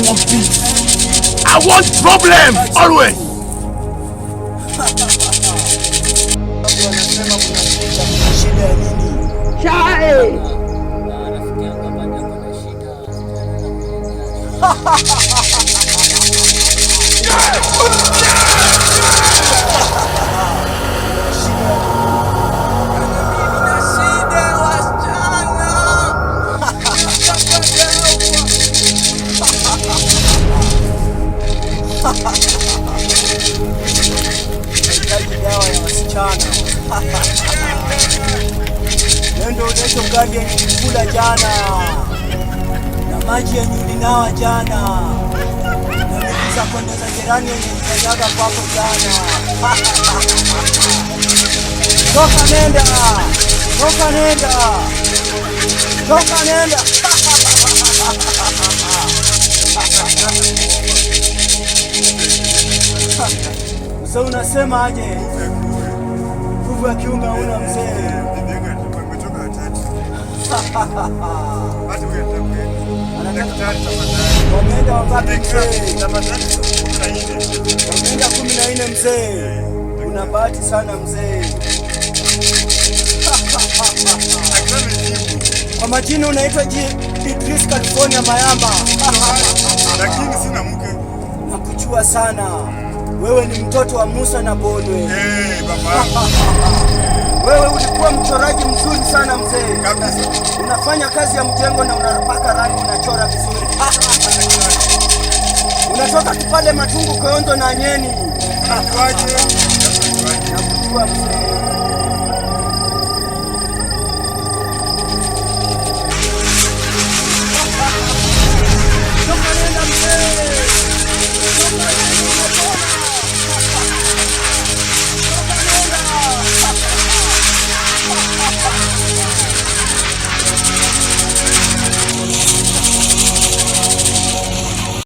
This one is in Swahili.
don't want peace. I want problems always. Child. Ndio unesho gani yenye jana na maji yenye ulinawa jana na miguu za kwenda za jirani yenye ulikanyaga kwako jana. Toka nenda, toka nenda, toka nenda. Sasa unasema aje? nguvu ya kiume una mzee. Wameenda wangapi mzee? Wameenda kumi na nne mzee. Una bahati sana mzee. Kwa majina unaitwa Idris California Mayamba. Lakini sina mke. sana wewe ni mtoto wa Musa na Bonwe. baba. Wewe ulikuwa mchoraji mzuri sana mzee. Kabisa. Unafanya kazi ya mjengo na unapaka rangi, unachora vizuri. Unatoka kipale Matungu Koyondo na Nyeni. Nakujua mzee.